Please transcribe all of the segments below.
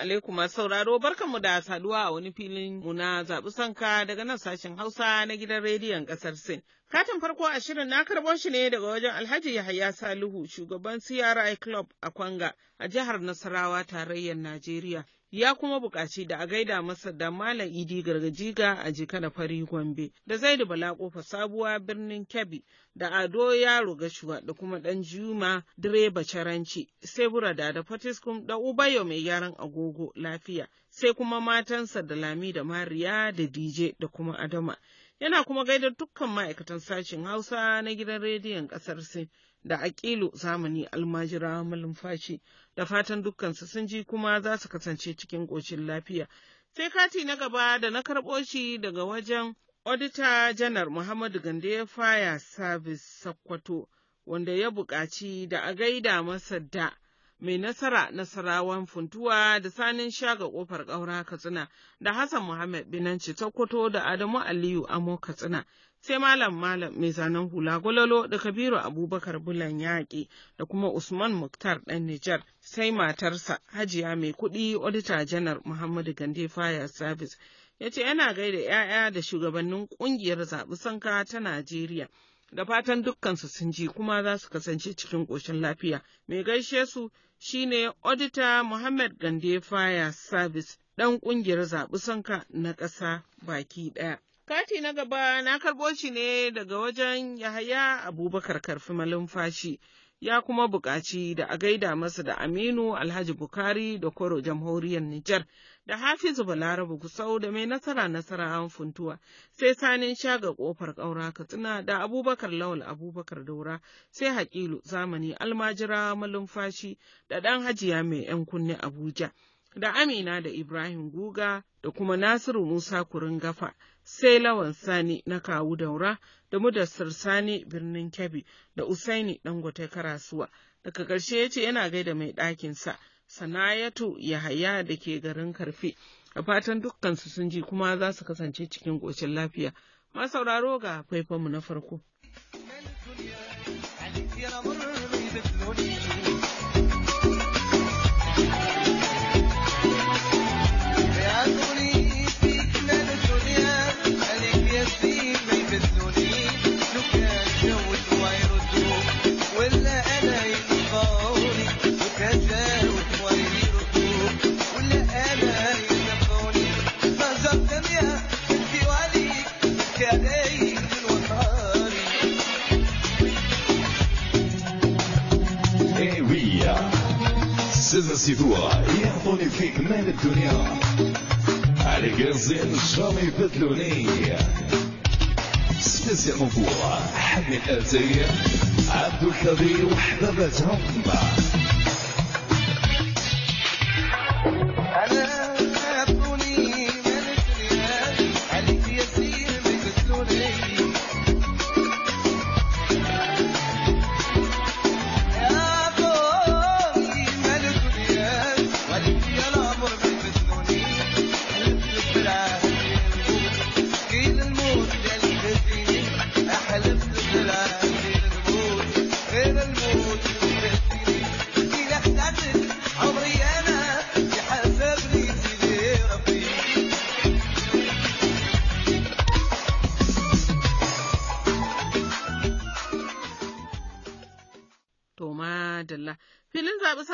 alaikum masu sauraro barkanmu da saduwa a wani filin mu na zaɓi sanka daga nan sashen Hausa na gidan rediyon ƙasar Sin. Katin farko a shirin na karɓo shi ne daga wajen Alhaji Yahaya Salihu, shugaban CRI Club a Kwanga a jihar Nasarawa tarayyar Najeriya. ya kuma buƙaci da a gaida masa da Malam Idi Gargajiga a jika da fari Gombe, da Zaidu Bala Kofa Sabuwa birnin Kebbi, da Ado Yaro Gashuwa da kuma ɗan Juma Direba Caranci, sai Burada da Fatiskum da Ubayo mai gyaran agogo lafiya, sai kuma matansa da Lami da Mariya da DJ da kuma Adama. Yana kuma gaida dukkan ma'aikatan sashen Hausa na gidan rediyon ƙasar Sin da Aƙilu zamani almajira malumfashi da fatan dukkansu sun ji kuma za su kasance cikin ƙoshin lafiya. Sai kati na gaba da na karɓo shi daga wajen Odita Janar Muhammadu Gande Fire Service Sakkwato, wanda ya buƙaci da a gaida masa da mai nasara nasarawan funtuwa da sanin shaga kofar ƙaura katsina da Hassan Muhammad Binanci Takwato da Adamu Aliyu Amo Katsina. Sai Malam Malam mai zanen hula gwalolo da Kabiru Abubakar Bulan yaƙi da kuma Usman Muktar ɗan Nijar sai matarsa Hajiya mai kuɗi Odita Janar Muhammadu Gande Fire Service ya ce yana gaida ‘ya'ya da shugabannin ƙungiyar zaɓi sanka ta Najeriya. da fatan dukkansu sun ji kuma za su kasance cikin ƙoshin lafiya. Mai gaishe su shine Odita Muhammad Gande Fire Service ɗan ƙungiyar zaɓi sanka na ƙasa baki ɗaya. Kati na gaba na karɓo shi ne daga wajen Yahaya Abubakar Karfi Malumfashi. ya kuma buƙaci da a gaida masa da Aminu Alhaji Bukari da koro Jamhuriyar Nijar da Hafizu Balarabu Gusau da mai nasara nasara an funtuwa sai sanin shaga ƙofar ƙaura Katsina da Abubakar Lawal Abubakar Daura sai Hakilu zamani almajira malumfashi da ɗan hajiya mai ‘yan kunne Abuja. da Amina da Ibrahim Guga da kuma Nasiru Musa Kuringafa, sai Lawan Sani na Kawu Daura da mudassar Sani birnin Kebbi da Usaini Dangote Karasuwa. Daga ƙarshe ya ce yana gaida mai ɗakinsa, Sanayatu Yahaya da ke garin Karfe. A fatan dukkansu sun ji kuma za su kasance cikin ƙoshin lafiya. Masauraro ga faifanmu na farko. ممتازة سيفوها يعطوني فيك مال الدنيا عليك الزين شامي يبدلوني سبيسيال مبوع حمي الآتية عبد الكبير وحبابتهم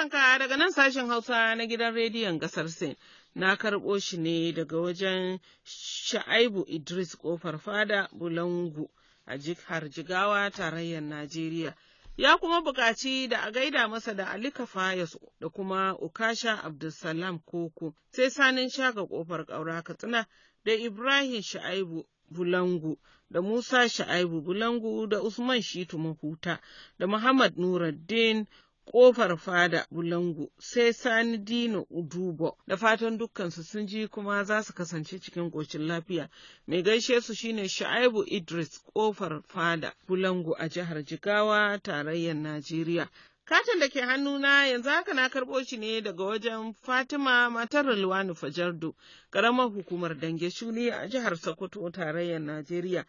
ka daga nan sashen Hausa na gidan rediyon ƙasar Sin. Na karɓo shi ne daga wajen Sha'aibu Idris kofar Fada Bulangu a jihar Jigawa tarayyar Najeriya. Ya kuma buƙaci da a gaida masa da Ali Kafayas da kuma Ukasha Abdulsalam Koko, sai sanin shaga ƙofar ƙaura Katsina da Ibrahim Sha'aibu Bulangu da Musa Sha'aibu Bulangu da Usman Shitu Mahuta da Muhammad Nuruddin kofar fada bulangu sai sani dino udubo da fatan dukkansu sun ji kuma za su kasance cikin ƙoshin lafiya mai gaishe su shine sha'ibu idris kofar fada bulangu a jihar jigawa tarayyar najeriya Katin da ke hannuna yanzu haka na karɓo shi ne daga wajen Fatima matar Rilwanu Fajardo, ƙaramar hukumar Dange Shuni a jihar Sokoto tarayyar Najeriya.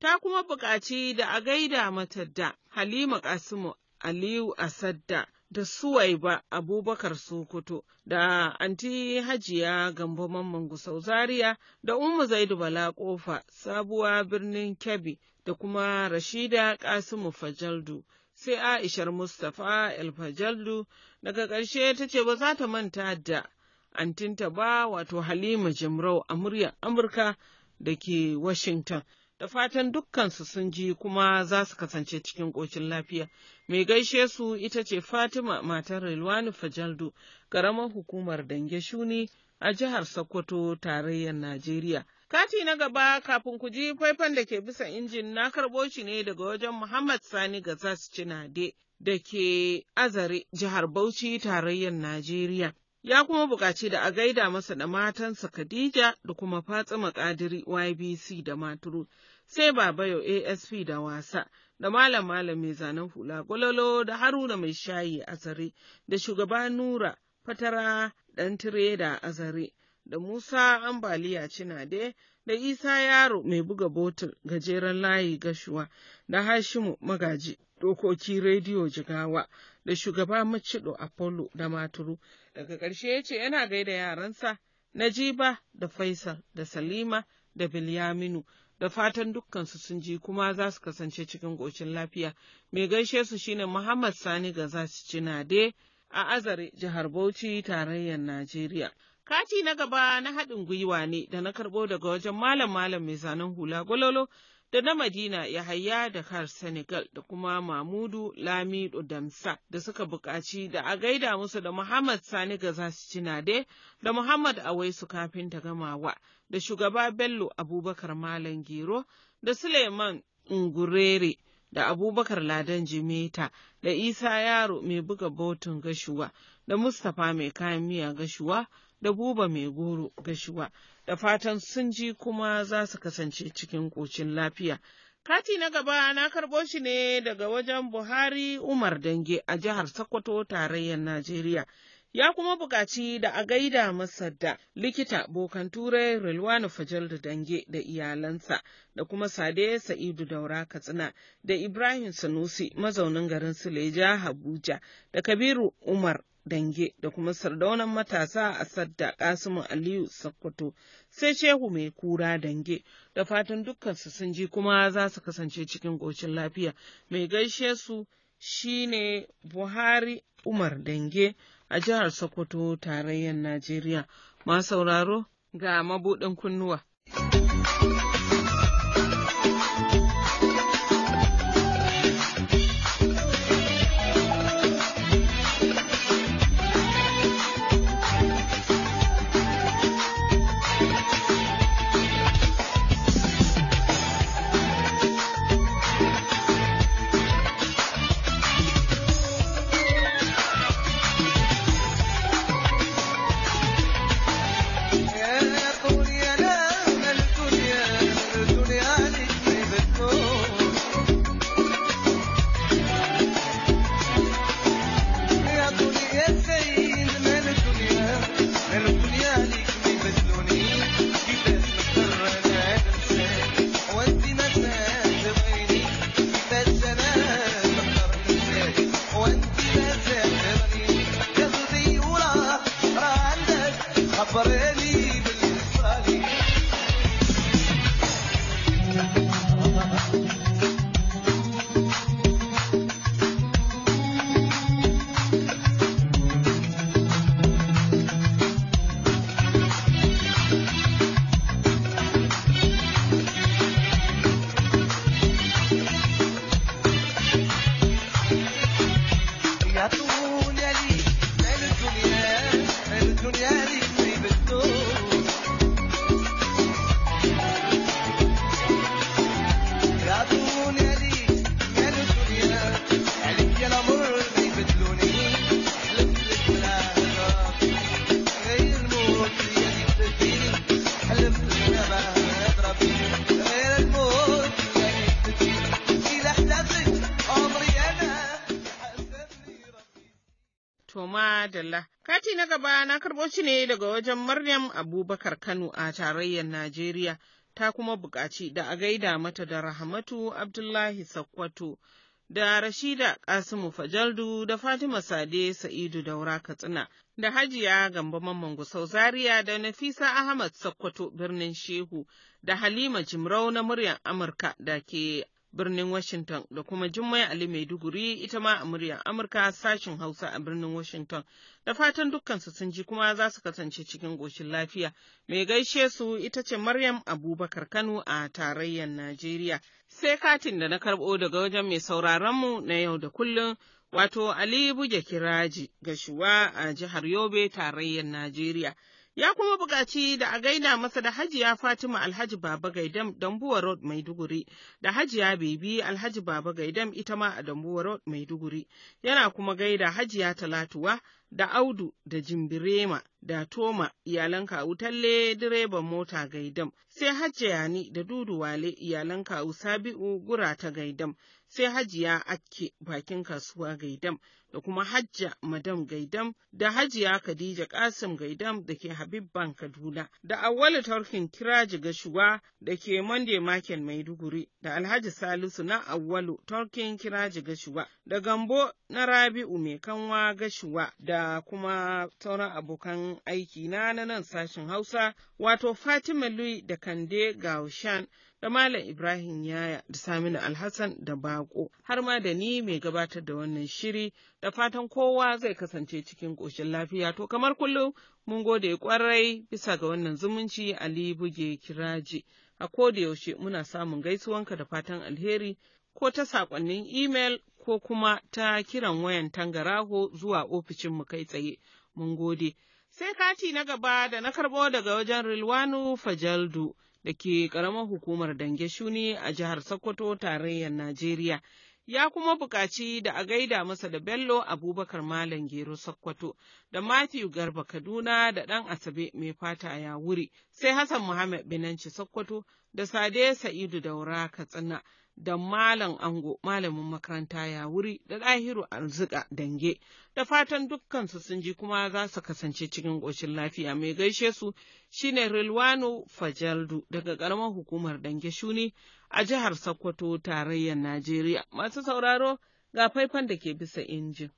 Ta kuma buƙaci da a gaida mata da Halima Kasimu Aliyu Asadda da Suwaiba Abubakar Sokoto da Anti Hajiya Gambo Mamman Gusau Zaria da Ummu Zaidu Bala Kofa Sabuwa Birnin Kebbi da kuma Rashida Kasimu Fajaldu. Sai Aishar Mustapha El Fajaldu daga ƙarshe ta ce ba za ta manta da antinta ba wato Halima Jimrau a muryar Amurka da ke Washington. da fatan dukkansu sun ji kuma za su kasance cikin ƙocin lafiya. Mai gaishe su ita ce Fatima matar Rilwani Fajaldu, ƙaramar hukumar Dange Shuni a jihar Sokoto, tarayyar Najeriya. Kati na gaba kafin ku ji faifan da ke bisa injin na karɓo shi ne daga wajen Muhammad Sani Gazas Cinade da ke Azare, jihar Bauchi, tarayyar Najeriya. ya kuma buƙaci da a gaida masa da matansa Khadija da kuma Fatima Kadiri YBC da Maturu, sai Babayo ASP da wasa, da Malam Malam mai zanen hula gwalolo da Haruna mai shayi a zare, da shugaba Nura Fatara ɗan tireda a zare, da Musa Ambaliya Cinade, da Isa Yaro mai buga botul gajeren layi gashuwa, da Hashimu Magaji. Dokoki Rediyo Jigawa, da shugaba Macido Apollo da Maturu. Daga ƙarshe ya ce yana gaida yaransa Najiba da Faisal da Salima da Bilyaminu. Da fatan dukkansu sun ji kuma za su kasance cikin ƙocin lafiya. Mai gaishe su shine Muhammad Sani ga za Gazaci Cinade a Azare, Jihar Bauchi, Tarayyar Najeriya. Kati na gaba na haɗin gwiwa ne da na karɓo daga wajen malam malam mai zanen hula gwalolo da na Madina haya da kar Senegal da kuma Mamudu Lamido Damsa da suka buƙaci da a gaida musu da Muhammad Sani ga za cina dai da Muhammad Awaisu kafin ta gamawa da shugaba Bello Abubakar Malam Gero da Suleiman Ngurere da Abubakar Ladan Jimeta da Isa Yaro mai buga botun gashuwa da Mustapha mai kayan miya gashuwa da buba mai goro gashuwa da fatan sun ji kuma za su kasance cikin ƙocin lafiya. Kati na gaba na karɓo shi ne daga wajen Buhari Umar Dange a jihar Sokoto tarayyar Najeriya. Ya kuma buƙaci da a gaida masa da likita bokan turai Rilwanu Fajal da Dange da iyalansa da kuma Sade Sa'idu Daura Katsina da Ibrahim Sanusi mazaunin garin Suleja Habuja da Kabiru Umar dange da kuma sardaunan matasa a sadda kasimu aliyu sakkwato sai shehu mai kura dange da fatan dukkansu sun ji kuma za su kasance cikin gocin lafiya mai gaishe su shine buhari umar dange a jihar sokoto tarayyar najeriya ma sauraro ga mabuɗin kunnuwa. Adalla. Kati na gaba na karɓo shi ne daga wajen Maryam Abubakar Kano a tarayyar Najeriya, ta kuma buƙaci da a gaida mata da Rahmatu Abdullahi Sakkwato, da Rashida Kasimu Fajaldu da Fatima Sade Sa'idu Daura Katsina, da Hajiya Gamba Mamman Gusau Zaria da Nafisa Ahmad Sakkwato birnin Shehu, da Halima Jimrau na muryar Amurka da ke birnin Washington da kuma Jummai Ali Maiduguri ita ma a muryar Amurka sashin Hausa a birnin Washington. Da fatan dukkansu sun ji kuma za su kasance cikin goshin lafiya. Mai gaishe su ita ce Maryam Abubakar Kano a tarayyar Najeriya. Sai katin da na karɓo daga wajen mai sauraronmu na yau da kullum wato Ali buge Kiraji Gashuwa a jihar Yobe tarayyar Najeriya. ya kuma buƙaci da a gaida masa da hajiya Fatima Alhaji Baba Gaidam Dambuwa Road Maiduguri da hajiya Bebi Alhaji Baba Gaidam ita ma a Dambuwa Road Maiduguri yana kuma gaida hajiya Talatuwa da Audu da Jimbirema da Toma iyalan kawu talle direban mota Gaidam sai hajiya ni da Dudu Wale iyalan kawu Sabi'u Gura ta Gaidam sai hajiya Akke bakin kasuwa Gaidam da kuma Hajja Madam Gaidam da Hajiya Khadija Kasim Gaidam da ke Habibban Kaduna da Awwalu Tarkin Kiraji Gashuwa da ke Monday Market Maiduguri da Alhaji Salisu na Awwalu Tarkin Kiraji Gashuwa da Gambo na Rabi'u Mai Kanwa Gashuwa da kuma sauran abokan aiki na na nan sashen Hausa wato Fatima Lui da Kande Gaushan da Malam Ibrahim Yaya da Saminu Alhassan da Bako har ma da ni mai gabatar da wannan shiri da fatan kowa zai kasance cikin ƙoshin lafiya. To kamar kullum mun gode ƙwarai bisa ga wannan zumunci Ali Buge Kiraji. A koda yaushe muna samun gaisuwanka da fatan alheri ko ta saƙonnin imel ko kuma ta kiran wayan tangaraho zuwa ofishinmu kai tsaye. Mun gode. Sai kati na gaba da na karɓo daga wajen Rilwanu Fajaldu da ke ƙaramar hukumar Dange Shuni a jihar Sokoto tarayyar Najeriya. ya kuma buƙaci da a gaida masa da Bello Abubakar Malam Gero Sokoto da Matthew Garba Kaduna da ɗan Asabe mai fata ya wuri, sai Hassan Muhammad Binanci Sokoto da Sade Sa'idu Daura Katsina. da Malam Ango, malamin makaranta ya wuri da ɗahiru arzika dange, da fatan dukkansu sun ji kuma za su kasance cikin ƙoshin lafiya mai gaishe su shine Rilwano Fajaldu daga ƙaramar hukumar dange shuni a jihar Sokoto tarayyar Najeriya. Masu sauraro ga faifan da ke bisa injin.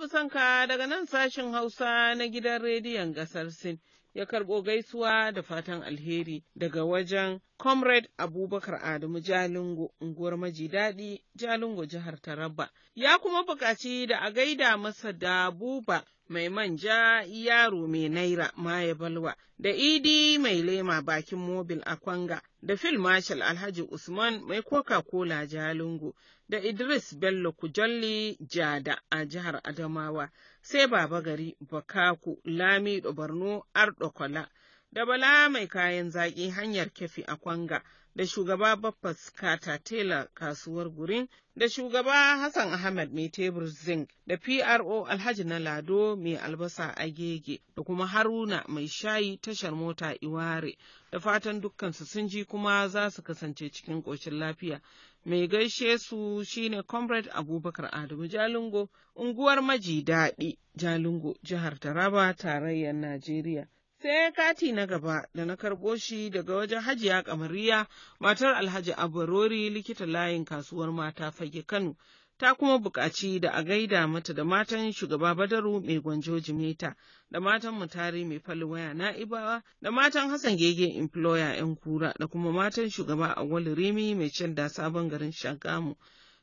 Rabi ka daga nan sashen Hausa na gidan rediyon gasar Sin ya karɓo gaisuwa da fatan alheri daga wajen Comrade Abubakar Adamu Jalingo unguwar Maji Daɗi Jalingo jihar Taraba. Ya kuma buƙaci da a gaida masa da Buba mai manja yaro mai naira maye balwa da idi mai lema bakin mobil a kwanga da fil marshal alhaji usman mai coca cola jalingo da idris bello kujalli jada a jihar adamawa sai baba gari bakaku lami barno ardokola da bala mai kayan zaƙi hanyar kefi a kwanga da shugaba baffas kata Tela kasuwar Gurin da shugaba Hassan Ahmed, mai tebur zinc da PRO Alhaji na Lado mai albasa agege da kuma Haruna mai shayi tashar mota Iware da fatan dukkansu sun ji kuma za su kasance cikin ƙoshin lafiya. Mai gaishe su shine Comrade Abubakar Adamu Jalingo, unguwar Maji Daɗi, Jalingo, jihar Taraba, tarayyar Najeriya. sai kati na gaba da na karɓo shi daga wajen hajiya kamariya matar alhaji abarori likita layin kasuwar mata fage kano ta kuma buƙaci da a gaida mata da matan shugaba badaru mai gwanjo jimeta da matan mutari mai falwaya na'ibawa da matan hassan gege employer yan kura da kuma matan shugaba agwal rimi mai can sabon garin shagamu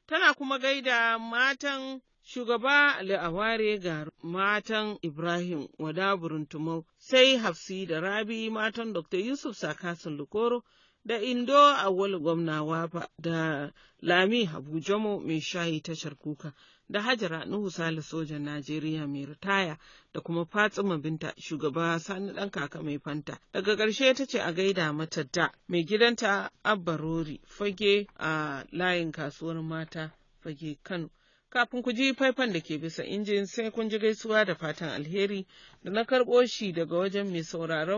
tana kuma gaida matan Shugaba La'aware ga matan Ibrahim Wadaburin Tumau, sai Hafsi da Rabi matan Dr. Yusuf Sakasin Lukoro da Indo Awal gwamnawa ba da Lami Habu Jomo mai shayi tashar kuka da Hajara Nuhu Sale sojan Najeriya mai ritaya da kuma Fatsima Binta shugaba Sani ɗan kaka mai fanta. Daga ƙarshe ta ce a gaida mata da mai gidanta Abba Rori fage a layin kasuwar mata fage Kano. Kafin ku ji faifan da ke bisa injin sai kun ji gaisuwa da fatan alheri da na karɓo shi daga wajen mai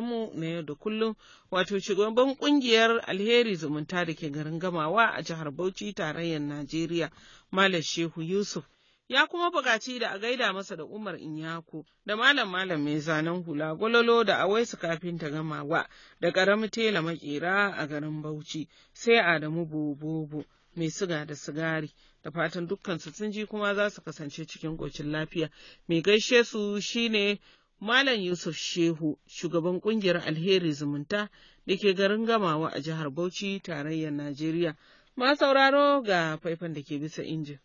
mu na yau da kullum wato shugaban ƙungiyar alheri zumunta da ke garin gamawa a jihar Bauchi tarayyar Najeriya Malam Shehu Yusuf. Ya kuma buƙaci da a gaida masa da Umar Inyako da Malam Malam mai zanen hula gwalolo da awaisu kafin ta gamawa da ƙaramin tela maƙera a garin Bauchi sai Adamu Bobo mai siga da sigari. da fatan dukkansu sun ji kuma za su kasance cikin ƙocin lafiya. Mai gaishe su shine Malam Yusuf Shehu, shugaban ƙungiyar Alheri Zumunta da ke garin Gamawa a jihar Bauchi, tarayyar Najeriya. Ma sauraro ga faifan da ke bisa injin.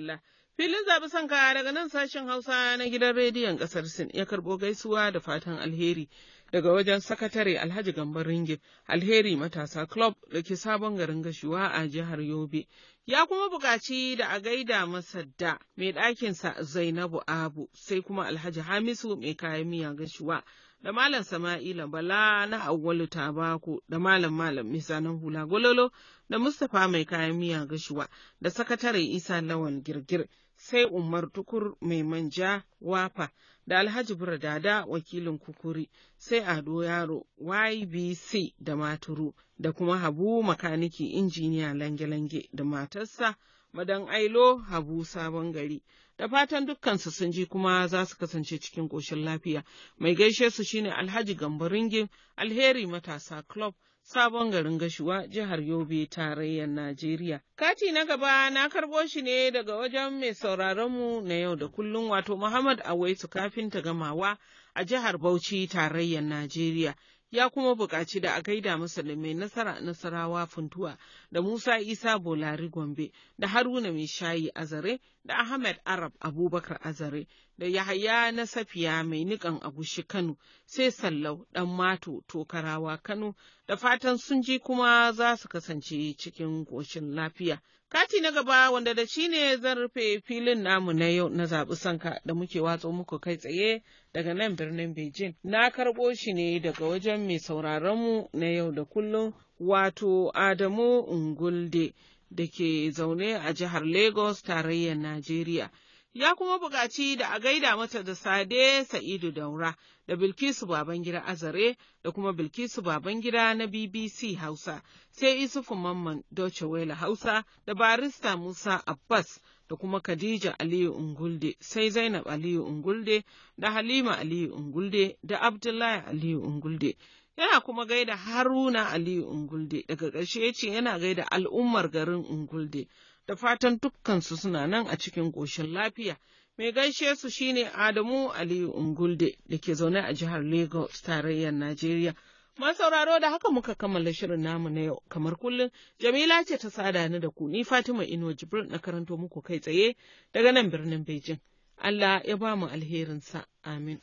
madalla. Filin zaɓi sanka daga nan sashen Hausa na gidan rediyon ƙasar Sin ya karɓo gaisuwa da fatan alheri daga wajen sakatare Alhaji Gambar Ringin Alheri Matasa Club da ke sabon garin gashiwa a jihar Yobe. Ya kuma buƙaci da a gaida masa da mai ɗakinsa Zainabu Abu sai kuma Alhaji Hamisu mai kayan miya gashiwa. da Malam Sama'ila Bala na Auwalu tabaku da Malam Malam Misa na Hula Gololo da Mustapha Mai Kayan Miya Gashuwa da Sakatare Isa Lawan Girgir sai Umar Tukur mai manja wafa da Alhaji Buradada wakilin kukuri sai Ado Yaro YBC da Maturu da kuma Habu makaniki injiniya lange-lange da matarsa Madan Ailo Habu Sabon Gari. Da fatan dukkansu sun ji kuma za su kasance cikin ƙoshin lafiya. Mai gaishe su shine Alhaji Gambaringin Alheri Matasa Club. sabon garin gashuwa jihar Yobe tarayyar Najeriya. Kati na gaba na karɓo shi ne daga wajen mai sauraronmu na yau da kullum wato Muhammad Awaisu kafin ta gamawa a jihar Bauchi tarayyar Najeriya. ya kuma buƙaci da a gaida masa da mai nasara nasarawa funtuwa da Musa Isa Bolari Gombe da Haruna mai shayi Azare da Ahmed Arab Abubakar Azare da Yahaya na Safiya mai niƙan agushi Kano sai Sallau ɗan Mato Tokarawa Kano da fatan sun ji kuma za su kasance cikin ƙoshin lafiya. Kati na gaba wanda da shi ne zan rufe filin namu na yau na zaɓi sanka da muke watsa muku kai tsaye daga nan birnin Beijing. Na karɓo shi ne daga wajen mai sauraronmu na yau da kullum wato Adamu Ngulde da ke zaune a jihar Lagos tarayyar Najeriya. ya kuma buƙaci da a gaida mata da Sade Sa'idu Daura da Bilkisu Babangida Azare da kuma Bilkisu Babangida na BBC Hausa, sai Isufu Mamman Deutsche Welle Hausa da barista Musa Abbas da kuma Khadija Aliyu Ungulde, sai Zainab Aliyu Ungulde da Halima Aliyu Ungulde da Abdullahi Aliyu Ungulde. yana kuma gaida Haruna Aliyu Ungulde, daga ƙarshe ya ce yana gaida al'ummar garin Ungulde. da fatan dukkansu suna nan a cikin ƙoshin lafiya. Mai gaishe su shine Adamu Aliyu Ungulde da ke zaune a jihar Lagos tarayyar Najeriya. sauraro da haka muka kammala shirin namu na yau kamar kullum Jamila ce ta sada ni da ku ni Fatima Ino Jibril na karanto muku kai tsaye daga nan birnin Beijing. Allah ya ba mu alherinsa. Amin.